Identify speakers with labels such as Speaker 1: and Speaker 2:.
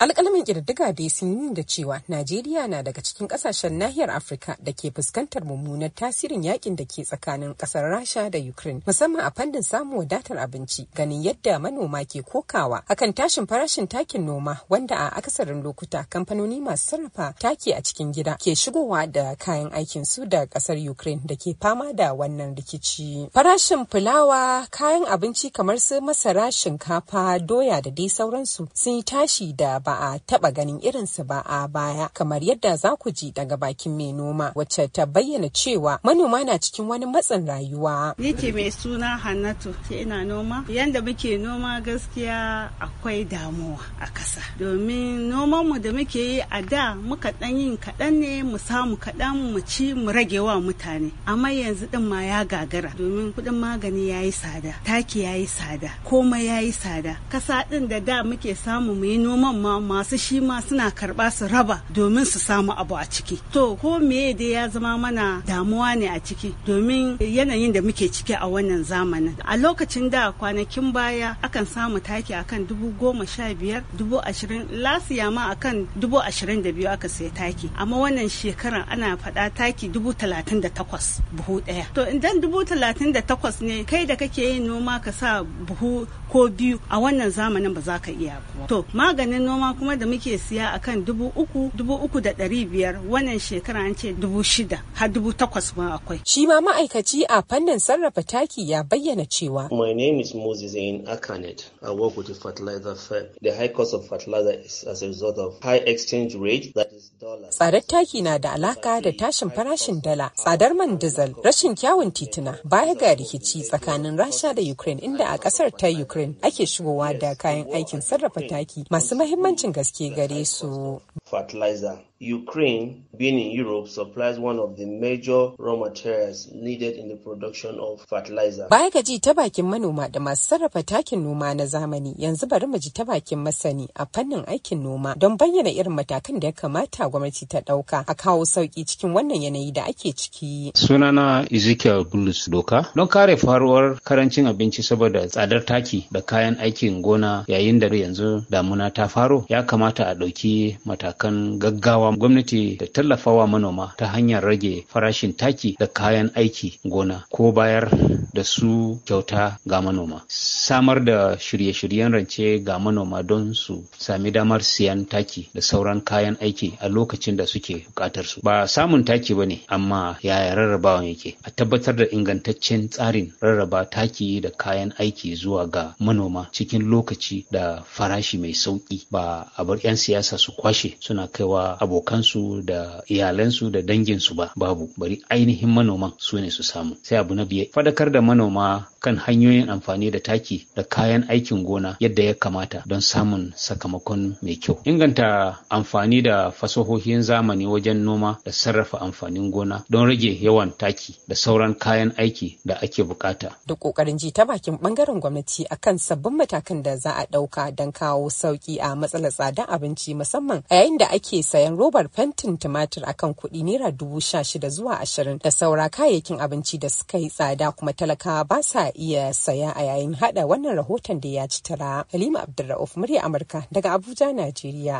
Speaker 1: Alƙalamin ƙididdiga dai sun yi da cewa najeriya na daga cikin ƙasashen nahiyar afirka da ke fuskantar mummunar tasirin yakin da ke tsakanin ƙasar rasha da ukraine musamman a fannin samun wadatar abinci ganin yadda manoma ke kokawa akan tashin farashin takin noma wanda a akasarin lokuta kamfanoni masu sarrafa taki a cikin gida ke shigowa da kayan aikin su da ƙasar ukraine da ke fama da wannan rikici farashin fulawa kayan abinci kamar su masara shinkafa doya da dai sauransu sun yi tashi da ba a taba ganin irinsu ba a baya kamar yadda za ku ji daga bakin mai noma wacce ta bayyana cewa manoma na cikin wani matsin rayuwa. Ni mai
Speaker 2: suna Hannatu ke ina noma. Yanda muke noma gaskiya akwai damuwa a kasa. Domin noman mu da muke yi a da muka dan yin kaɗan ne mu samu kaɗan mu ci mu rage wa mutane. Amma yanzu din ma ya gagara domin kuɗin magani ya yi tsada, taki ya yi tsada, komai ya yi tsada. Kasa ɗin da da muke samu mu yi noman ma masu shi ma suna karɓa su raba domin su samu abu a ciki to ko meye dai ya zama mana damuwa ne a ciki domin yanayin da muke ciki a wannan zamanin a lokacin da kwanakin baya akan samu taki akan dubu goma sha biyar dubu ashirin lasiya ma akan dubu ashirin da biyu aka sai taki amma wannan shekaran ana faɗa taki dubu talatin da takwas buhu ɗaya to idan dubu talatin da takwas ne kai da kake yin noma ka sa buhu ko biyu a wannan zamanin ba za ka iya ba to maganin noma kuma da muke siya a kan dubu uku dubu uku da ɗari biyar wannan shekara an ce dubu shida
Speaker 1: har dubu takwas ma akwai. Shi ma ma'aikaci a fannin sarrafa taki ya bayyana cewa.
Speaker 3: My
Speaker 4: name is Moses in Akanet. I work with the fertilizer firm. The high cost of fertilizer is as a result of high exchange rate that is
Speaker 1: dollar. Tsadar taki na da alaka da tashin farashin dala, tsadar man dizal, rashin kyawun tituna, baya ga rikici tsakanin Rasha da Ukraine inda a ƙasar ta Ukraine ake shigowa da kayan aikin sarrafa taki masu mahimmanci muhimmancin gaske gare su.
Speaker 4: fertilizer. Ukraine, being in Europe, supplies one of the major raw materials needed in the production of fertilizer. Baya ga ji
Speaker 1: ta bakin manoma da masu sarrafa takin noma na zamani yanzu bari mu ji ta bakin masani a fannin aikin noma don bayyana irin matakan da ya kamata gwamnati ta ɗauka a kawo sauƙi cikin wannan yanayi da ake ciki.
Speaker 3: Sunana Ezekiel Bulus Doka don kare faruwar karancin abinci saboda tsadar taki da kayan aikin gona yayin da yanzu damuna ta faro ya kamata a ɗauki matakan gaggawa gwamnati da tallafawa manoma ta hanyar rage farashin taki da kayan aiki gona ko bayar da su kyauta ga manoma samar da shirye-shiryen rance ga manoma don su sami damar siyan taki da sauran kayan aiki a lokacin da suke bukatar su ba samun taki ba ne amma yaya rarrabawan yake a tabbatar da ingantaccen tsarin rarraba taki da kayan aiki zuwa ga manoma cikin lokaci da farashi mai sauƙi ba ba a bar 'yan siyasa su kwashe suna kaiwa abokansu da iyalansu da danginsu ba babu bari ainihin manoman su ne su samu sai abu na biye fadakar da manoma kan hanyoyin amfani da taki da kayan aikin gona yadda ya kamata don samun sakamakon mai kyau. Inganta amfani da fasahohin zamani wajen noma da sarrafa amfanin gona don rage yawan taki da sauran kayan aiki da ake bukata.
Speaker 1: Da ƙoƙarin ji ta bakin bangaren gwamnati akan sabbin matakan da za a ɗauka don kawo sauki a matsalar tsadar abinci musamman a yayin da ake sayan robar fentin tumatir akan kuɗi naira dubu sha shida zuwa ashirin da saura kayayyakin abinci da suka yi tsada kuma talakawa ba sa iya saya a yayin hada wannan rahoton da ya ci tara. Halima Abdulra'uf murya Amurka daga Abuja, Najeriya.